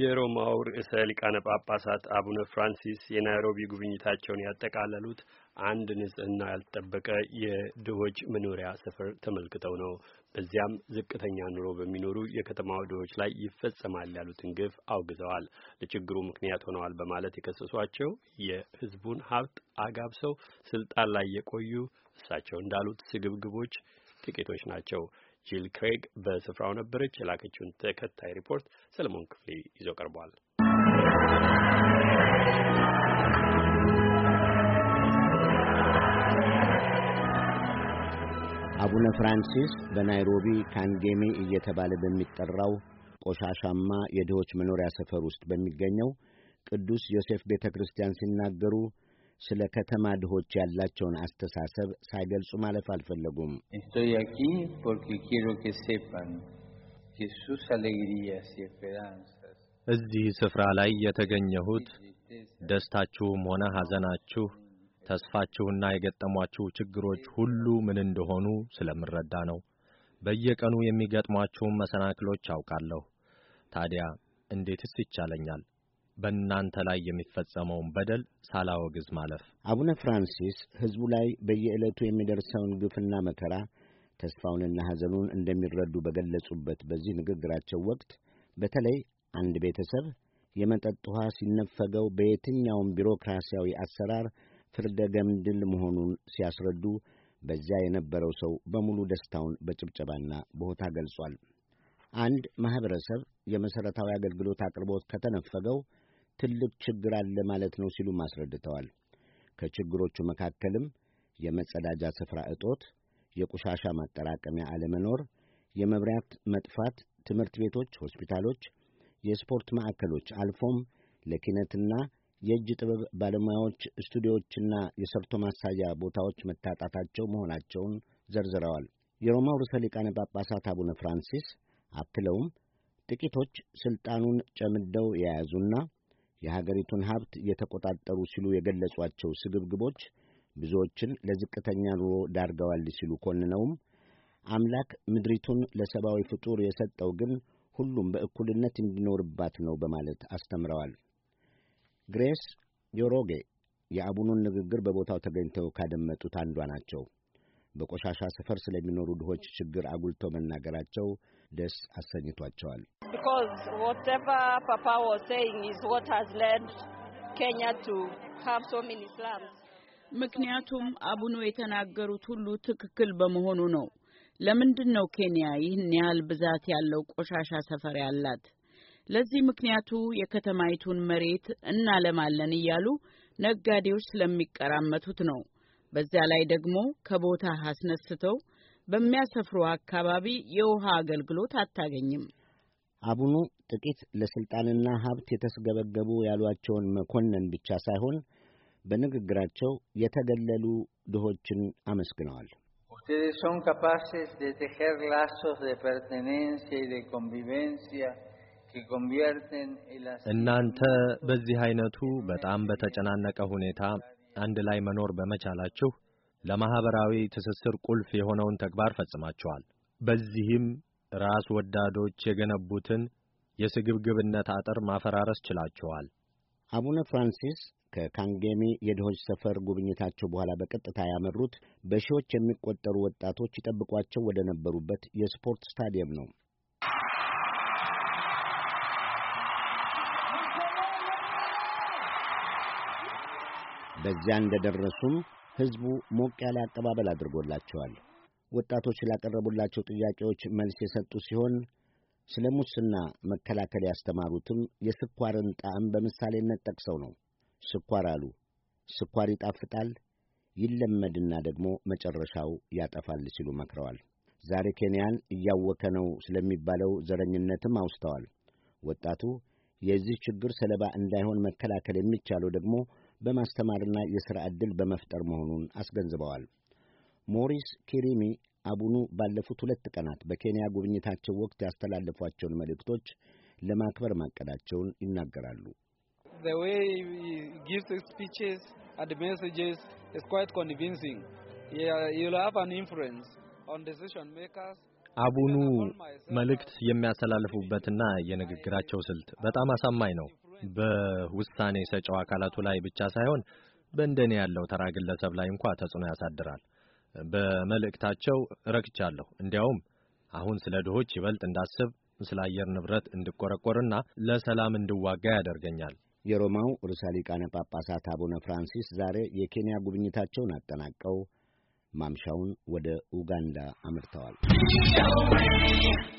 የሮማው ርዕሰ ሊቃነ ጳጳሳት አቡነ ፍራንሲስ የናይሮቢ ጉብኝታቸውን ያጠቃለሉት አንድ ንጽህና ያልተጠበቀ የድሆች መኖሪያ ሰፈር ተመልክተው ነው። በዚያም ዝቅተኛ ኑሮ በሚኖሩ የከተማው ድሆች ላይ ይፈጸማል ያሉትን ግፍ አውግዘዋል። ለችግሩ ምክንያት ሆነዋል በማለት የከሰሷቸው የሕዝቡን ሀብት አጋብሰው ስልጣን ላይ የቆዩ እሳቸው እንዳሉት ስግብግቦች ጥቂቶች ናቸው። ጂል ክሬግ በስፍራው ነበረች። የላከችውን ተከታይ ሪፖርት ሰለሞን ክፍሌ ይዞ ቀርቧል። አቡነ ፍራንሲስ በናይሮቢ ካንጌሚ እየተባለ በሚጠራው ቆሻሻማ የድሆች መኖሪያ ሰፈር ውስጥ በሚገኘው ቅዱስ ዮሴፍ ቤተ ክርስቲያን ሲናገሩ ስለ ከተማ ድሆች ያላቸውን አስተሳሰብ ሳይገልጹ ማለፍ አልፈለጉም። እዚህ ስፍራ ላይ የተገኘሁት ደስታችሁም ሆነ ሐዘናችሁ፣ ተስፋችሁና የገጠሟችሁ ችግሮች ሁሉ ምን እንደሆኑ ስለምረዳ ነው። በየቀኑ የሚገጥሟችሁን መሰናክሎች አውቃለሁ። ታዲያ እንዴትስ ይቻለኛል በእናንተ ላይ የሚፈጸመውን በደል ሳላወግዝ ማለፍ። አቡነ ፍራንሲስ ሕዝቡ ላይ በየዕለቱ የሚደርሰውን ግፍና መከራ ተስፋውንና ሐዘኑን እንደሚረዱ በገለጹበት በዚህ ንግግራቸው ወቅት በተለይ አንድ ቤተሰብ የመጠጥ ውሃ ሲነፈገው በየትኛውም ቢሮክራሲያዊ አሰራር ፍርደ ገምድል መሆኑን ሲያስረዱ በዚያ የነበረው ሰው በሙሉ ደስታውን በጭብጨባና በሆታ ገልጿል። አንድ ማኅበረሰብ የመሠረታዊ አገልግሎት አቅርቦት ከተነፈገው ትልቅ ችግር አለ ማለት ነው ሲሉም አስረድተዋል። ከችግሮቹ መካከልም የመጸዳጃ ስፍራ እጦት፣ የቆሻሻ ማጠራቀሚያ አለመኖር፣ የመብራት መጥፋት፣ ትምህርት ቤቶች፣ ሆስፒታሎች፣ የስፖርት ማዕከሎች አልፎም ለኪነትና የእጅ ጥበብ ባለሙያዎች ስቱዲዮዎችና የሰርቶ ማሳያ ቦታዎች መታጣታቸው መሆናቸውን ዘርዝረዋል። የሮማው ርዕሰ ሊቃነ ጳጳሳት አቡነ ፍራንሲስ አክለውም ጥቂቶች ሥልጣኑን ጨምደው የያዙና የሀገሪቱን ሀብት እየተቆጣጠሩ ሲሉ የገለጿቸው ስግብግቦች ብዙዎችን ለዝቅተኛ ኑሮ ዳርገዋል ሲሉ ኮንነውም አምላክ ምድሪቱን ለሰብአዊ ፍጡር የሰጠው ግን ሁሉም በእኩልነት እንዲኖርባት ነው በማለት አስተምረዋል። ግሬስ ዮሮጌ የአቡኑን ንግግር በቦታው ተገኝተው ካደመጡት አንዷ ናቸው። በቆሻሻ ሰፈር ስለሚኖሩ ድሆች ችግር አጉልተው መናገራቸው ደስ አሰኝቷቸዋል። ምክንያቱም አቡኑ የተናገሩት ሁሉ ትክክል በመሆኑ ነው። ለምንድን ነው ኬንያ ይህን ያህል ብዛት ያለው ቆሻሻ ሰፈር ያላት? ለዚህ ምክንያቱ የከተማይቱን መሬት እናለማለን እያሉ ነጋዴዎች ስለሚቀራመቱት ነው። በዚያ ላይ ደግሞ ከቦታ አስነስተው በሚያሰፍሩ አካባቢ የውሃ አገልግሎት አታገኝም። አቡኑ ጥቂት ለሥልጣንና ሀብት የተስገበገቡ ያሏቸውን መኮንን ብቻ ሳይሆን በንግግራቸው የተገለሉ ድሆችን አመስግነዋል። እናንተ በዚህ አይነቱ በጣም በተጨናነቀ ሁኔታ አንድ ላይ መኖር በመቻላችሁ ለማህበራዊ ትስስር ቁልፍ የሆነውን ተግባር ፈጽማችኋል። በዚህም ራስ ወዳዶች የገነቡትን የስግብግብነት አጥር ማፈራረስ ችላችኋል። አቡነ ፍራንሲስ ከካንጌሚ የድሆች ሰፈር ጉብኝታቸው በኋላ በቀጥታ ያመሩት በሺዎች የሚቆጠሩ ወጣቶች ይጠብቋቸው ወደ ነበሩበት የስፖርት ስታዲየም ነው። በዚያ እንደደረሱም ሕዝቡ ሞቅ ያለ አቀባበል አድርጎላቸዋል። ወጣቶች ላቀረቡላቸው ጥያቄዎች መልስ የሰጡ ሲሆን ስለ ሙስና መከላከል ያስተማሩትም የስኳርን ጣዕም በምሳሌነት ጠቅሰው ነው። ስኳር አሉ፣ ስኳር ይጣፍጣል፣ ይለመድና ደግሞ መጨረሻው ያጠፋል ሲሉ መክረዋል። ዛሬ ኬንያን እያወከ ነው ስለሚባለው ዘረኝነትም አውስተዋል። ወጣቱ የዚህ ችግር ሰለባ እንዳይሆን መከላከል የሚቻለው ደግሞ በማስተማርና የሥራ ዕድል በመፍጠር መሆኑን አስገንዝበዋል። ሞሪስ ኪሪሚ አቡኑ ባለፉት ሁለት ቀናት በኬንያ ጉብኝታቸው ወቅት ያስተላለፏቸውን መልእክቶች ለማክበር ማቀዳቸውን ይናገራሉ። አቡኑ መልእክት የሚያስተላልፉበትና የንግግራቸው ስልት በጣም አሳማኝ ነው። በውሳኔ ሰጪው አካላቱ ላይ ብቻ ሳይሆን በእንደኔ ያለው ተራ ግለሰብ ላይ እንኳ ተጽዕኖ ያሳድራል። በመልእክታቸው ረክቻለሁ። እንዲያውም አሁን ስለ ድሆች ይበልጥ እንዳስብ፣ ስለ አየር ንብረት እንድቆረቆርና ለሰላም እንድዋጋ ያደርገኛል። የሮማው ርዕሰ ሊቃነ ጳጳሳት አቡነ ፍራንሲስ ዛሬ የኬንያ ጉብኝታቸውን አጠናቀው ማምሻውን ወደ ኡጋንዳ አምርተዋል።